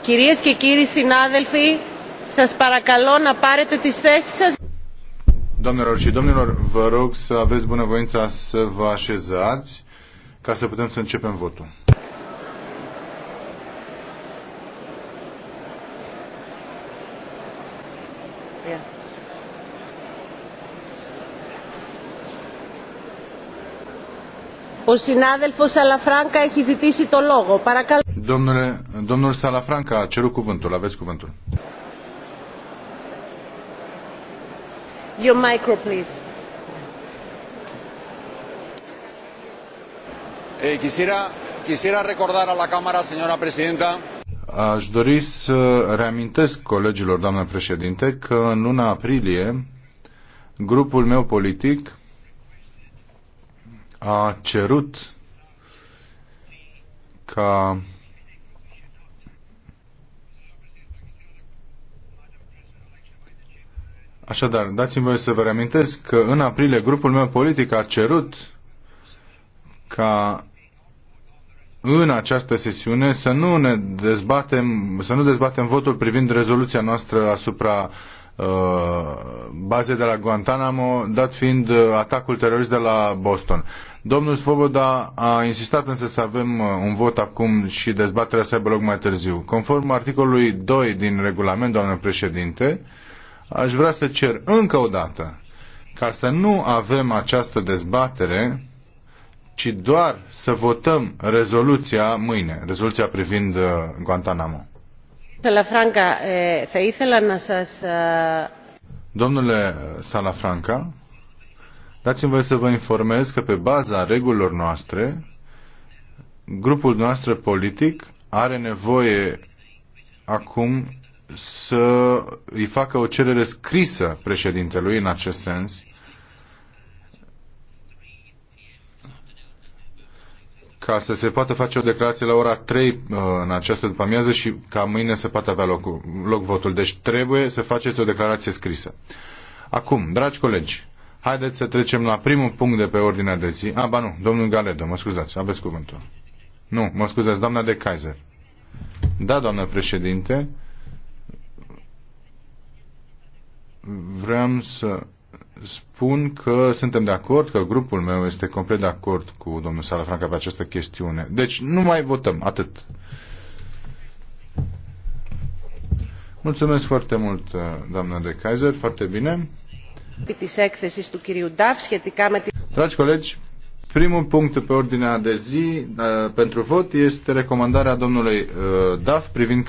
Κυρίες και κύριοι συνάδελφοι, σας παρακαλώ να πάρετε τις θέσεις σας. Doamnelor și domnilor, vă rog să aveți bunăvoința să vă așezați ca să putem să începem votul. Yeah. Domnule, domnul Salafranca a cerut cuvântul. Aveți cuvântul. Your micro, please. Eh, quisiera, quisiera recordar a la Cámara, señora Presidenta, Aș dori să reamintesc colegilor, doamnă președinte, că în luna aprilie grupul meu politic a cerut ca Așadar, dați-mi voie să vă reamintesc că în aprilie grupul meu politic a cerut ca în această sesiune să nu ne dezbatem, să nu dezbatem votul privind rezoluția noastră asupra Uh, baze de la Guantanamo, dat fiind uh, atacul terorist de la Boston. Domnul Svoboda a insistat însă să avem uh, un vot acum și dezbaterea să aibă loc mai târziu. Conform articolului 2 din regulament, doamnă președinte, aș vrea să cer încă o dată ca să nu avem această dezbatere, ci doar să votăm rezoluția mâine, rezoluția privind Guantanamo. Eh, eh, Domnule Salafranca, dați-mi voie să vă informez că pe baza regulilor noastre, grupul noastră politic are nevoie acum să îi facă o cerere scrisă președintelui în acest sens ca să se poată face o declarație la ora 3 uh, în această după-amiază și ca mâine să poată avea loc, loc votul. Deci trebuie să faceți o declarație scrisă. Acum, dragi colegi, haideți să trecem la primul punct de pe ordinea de zi. A, ah, ba nu, domnul Galedo, mă scuzați, aveți cuvântul. Nu, mă scuzați, doamna de Kaiser. Da, doamnă președinte, vreau să spun că suntem de acord, că grupul meu este complet de acord cu domnul Salafranca pe această chestiune. Deci nu mai votăm, atât. Mulțumesc foarte mult, uh, doamna de Kaiser, foarte bine. Dragi colegi, primul punct pe ordinea de zi uh, pentru vot este recomandarea domnului uh, DAF privind